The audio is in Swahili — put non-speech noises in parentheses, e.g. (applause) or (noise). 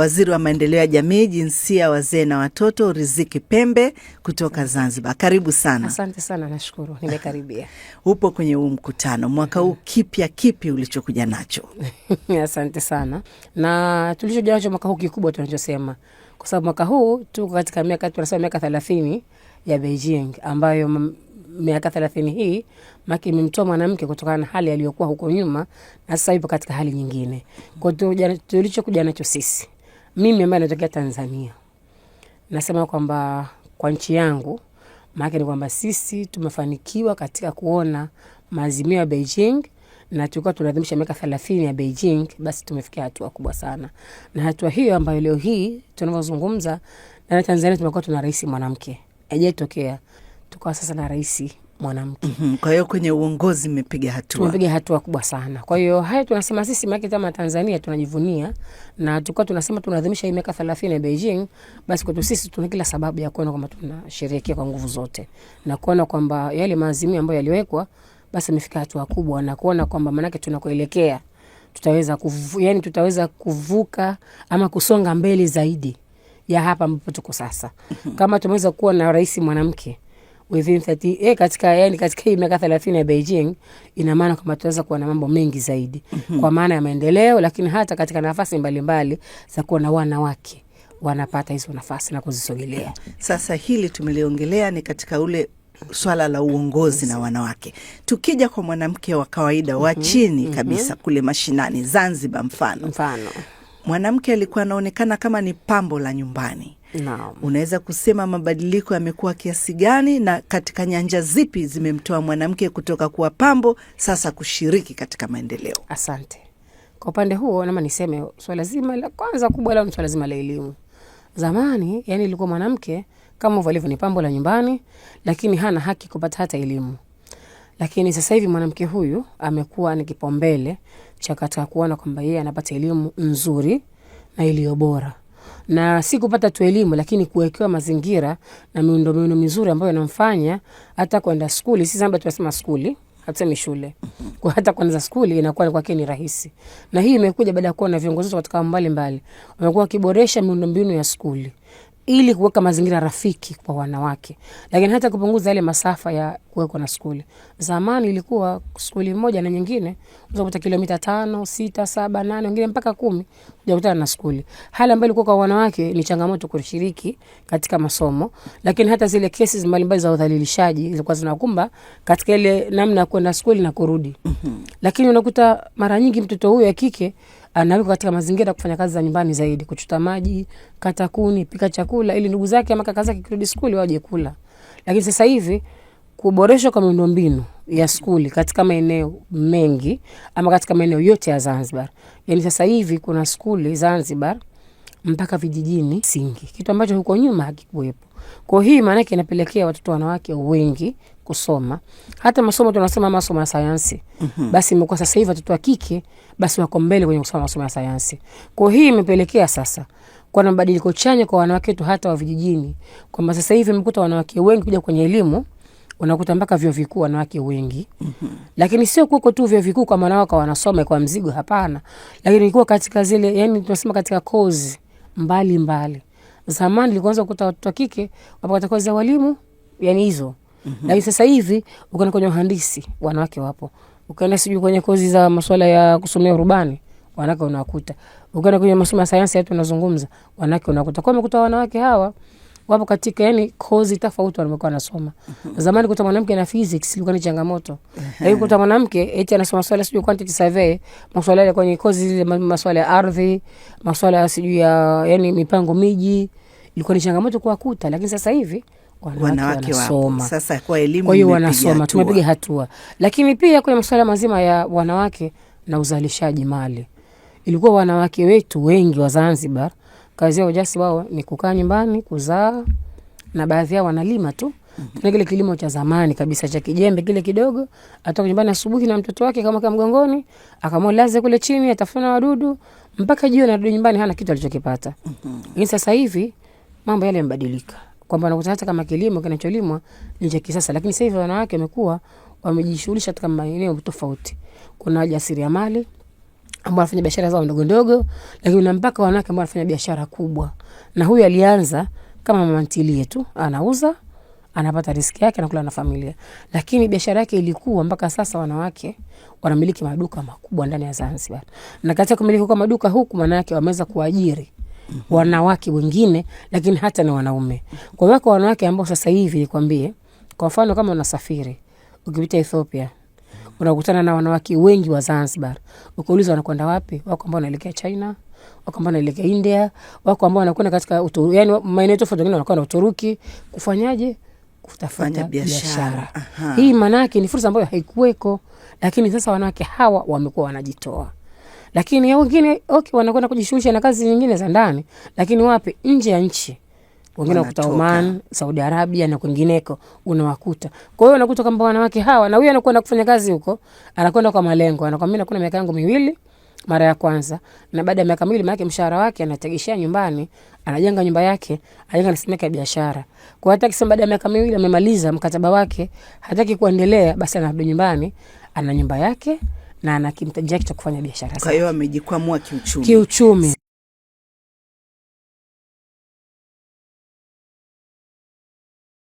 waziri wa maendeleo ya jamii, jinsia, wazee na watoto, Riziki Pembe kutoka Zanzibar. Karibu sana. Asante sana, nashukuru nimekaribia. (laughs) Upo kwenye huu mkutano mwaka huu, kipya kipi ulichokuja nacho? (laughs) Asante sana, na tulichokuja nacho mwaka huu kikubwa tunachosema kwa sababu mwaka huu tuko katika miaka tunasema miaka thelathini ya Beijing ambayo miaka thelathini hii maki imemtoa mwanamke kutokana na hali aliyokuwa huko nyuma, na sasa ipo katika hali nyingine. Kwa tulichokuja nacho sisi mimi ambaye natokea Tanzania nasema kwamba kwa nchi yangu, maanake ni kwamba sisi tumefanikiwa katika kuona maazimio ya Beijing na tulikuwa tunaadhimisha miaka thelathini ya Beijing, basi tumefikia hatua kubwa sana, na hatua hiyo ambayo leo hii tunavyozungumza, na Tanzania tumekuwa tuna rais mwanamke, haijatokea tukawa sasa na rais mwanamke. Mm -hmm. Kwa hiyo kwenye uongozi mmepiga hatua. Tumepiga hatua kubwa sana. Kwa hiyo haya tunasema sisi maki kama Tanzania tunajivunia na tulikuwa tunasema tunaadhimisha hii miaka 30 ya Beijing, basi kwetu sisi tuna kila sababu ya kuona kwamba tunasherehekea kwa nguvu zote na kuona kwamba yale maazimio ambayo yaliwekwa basi amefika hatua kubwa na kuona kwamba manake tunakoelekea tutaweza kuvu, yani tutaweza kuvuka ama kusonga mbele zaidi ya hapa ambapo tuko sasa. Mhm. Kama tumeweza kuwa na rais mwanamke within 30 eh, katika yani katika hii miaka 30 ya Beijing, ina maana kwamba tunaweza kuwa na mambo mengi zaidi mm -hmm. kwa maana ya maendeleo, lakini hata katika nafasi mbalimbali za kuwa na wanawake wanapata hizo nafasi na kuzisogelea. Sasa hili tumeliongelea ni katika ule swala la uongozi na wanawake. Tukija kwa mwanamke wa kawaida wa mhm. chini mhm. kabisa kule mashinani Zanzibar, mfano mfano, mwanamke alikuwa anaonekana kama ni pambo la nyumbani no. Unaweza kusema mabadiliko yamekuwa kiasi gani na katika nyanja zipi zimemtoa mwanamke kutoka kuwa pambo sasa kushiriki katika maendeleo? Asante. Kwa upande huo, nama niseme swala zima la kwanza kubwa lao ni swala zima la elimu. Zamani yani ilikuwa mwanamke kama alivyo ni pambo la nyumbani, lakini hana haki kupata hata elimu. Lakini sasa hivi mwanamke huyu amekuwa ni kipaumbele cha katika kuona kwamba yeye anapata elimu nzuri na iliyo bora na si kupata tu elimu, lakini kuwekewa mazingira na miundombinu mizuri ambayo inamfanya hata kwenda skuli, sisi labda tunasema skuli hatusemi shule kwa hata kwanza skuli inakuwa kwake ni rahisi, na hii imekuja baada ya kuwa na viongozi wetu katika mbalimbali wamekuwa wakiboresha miundombinu ya skuli ili kuweka mazingira rafiki kwa wanawake, lakini hata kupunguza yale masafa ya kuwekwa na skuli. Zamani ilikuwa skuli moja na nyingine unakuta kilomita tano, sita, saba, nane, wengine mpaka kumi hujakutana na skuli, hali ambayo ilikuwa kwa wanawake ni changamoto kushiriki katika masomo. Lakini hata zile kesi mbalimbali za udhalilishaji zilikuwa zinakumba katika ile namna ya kwenda skuli na kurudi, mhm. lakini unakuta mara nyingi mtoto huyo wa kike anawekwa ah, katika mazingira kufanya kazi za nyumbani zaidi, kuchota maji, kata kuni, pika chakula, ili ndugu zake ama kaka zake kirudi skuli waje kula. Lakini sasa hivi kuboreshwa kwa miundombinu ya skuli katika maeneo mengi ama katika maeneo yote ya Zanzibar, yani sasa hivi kuna skuli Zanzibar mpaka vijijini singi, kitu ambacho huko nyuma hakikuwepo. Kwa hii maanake inapelekea watoto wanawake wengi kusoma. Hata masomo tunasema masomo ya sayansi. Mm -hmm. Basi imekuwa sasa hivi watoto wa kike basi wako mbele kwenye kusoma masomo ya sayansi. Kwa hii imepelekea sasa kwa na mabadiliko chanya kwa wanawake wetu hata wa vijijini, kwamba sasa hivi mkuta wanawake wengi kuja kwenye elimu unakuta mpaka vyuo vikuu wanawake wengi. mm -hmm. Lakini sio kuko tu vyuo vikuu kwamba wanawake wanasoma kwa mzigo, hapana, lakini kuwa katika zile, yani tunasema katika kozi mbalimbali. Zamani likuanza kukuta watoto wa kike wapata kozi za walimu, yani hizo Mm -hmm. Na sasa hivi ukienda kwenye uhandisi wanawake wapo, ukienda sijui kwenye kozi za masuala ya kusomea urubani wanawake unawakuta, ukienda kwenye masomo ya sayansi yetu tunazungumza wanawake unawakuta. kwa mkuta wanawake hawa wapo katika yani kozi tofauti wanakuwa wanasoma. Mm -hmm. Zamani kuta mwanamke na physics ilikuwa ni changamoto. Lakini kuta mwanamke eti anasoma masuala sijui quantity survey, masuala ya kwenye kozi zile masuala ya ardhi, masuala sijui ya yani mipango miji, ilikuwa ni changamoto kuwakuta, lakini sasa hivi wanawake wanasoma. Sasa kwa elimu, kwa hiyo wanasoma, tumepiga hatua, lakini pia kwenye masuala mazima ya wanawake na uzalishaji mali. Ilikuwa wanawake wetu wengi wa Zanzibar kazi ya ujasi wao ni kukaa nyumbani kuzaa, na baadhi yao wanalima tu mhm. na kile kilimo cha zamani kabisa cha kijembe kile kidogo. Atoka nyumbani asubuhi na mtoto wake kama kama mgongoni, akamlaze kule chini, atafuna wadudu mpaka jioni, arudi nyumbani hana kitu alichokipata. Mhm. Lakini sasa hivi mambo yale yamebadilika kwamba unakuta hata kama kilimo kinacholimwa ni cha kisasa, lakini sasa hivi wanawake wamekuwa wamejishughulisha katika maeneo tofauti. Kuna wajasiriamali ambao wanafanya biashara zao ndogo ndogo, lakini na mpaka wanawake ambao wanafanya biashara kubwa. Na huyu alianza kama mama ntilie tu, anauza anapata riski yake, anakula na familia, lakini biashara yake ilikuwa mpaka sasa wanawake wanamiliki maduka makubwa ndani ya Zanzibar, na katika kumiliki kwa maduka huku, maana yake wameweza kuajiri mm -hmm. wanawake wengine, lakini hata na wanaume. Kwa hiyo wanawake ambao sasa hivi nikwambie, kwa mfano kama unasafiri ukipita Ethiopia unakutana na wanawake wengi wa Zanzibar. Ukiuliza wanakwenda wapi, wako ambao wanaelekea China, wako ambao wanaelekea India, wako ambao wanakwenda katika yani maeneo tofauti, wengine wanakwenda Uturuki. Kufanyaje? kutafanya biashara. Hii maanaake ni fursa ambayo haikuweko, lakini sasa wanawake hawa wamekuwa wanajitoa. Lakini wengine okay, wanakwenda kujishughulisha na kazi nyingine za ndani, lakini wapi nje ya nchi wengine wakuta Oman, Saudi Arabia na kwingineko unawakuta. Kwa hiyo unakuta kwamba wanawake hawa na huyu anakwenda kufanya kazi huko, anakwenda kwa malengo, anakwambia nakuna miaka yangu miwili mara ya kwanza, na baada ya miaka miwili, maanake mshahara wake anategeshea nyumbani, anajenga nyumba yake, anajenga nasimu ya biashara. Kwa hiyo hata kisema baada ya miaka miwili amemaliza mkataba wake, hataki kuendelea, basi anarudi nyumbani, ana nyumba yake na anakimtajia kitu cha kufanya biashara. Kwa hiyo amejikwamua kiuchumi. Kiuchumi.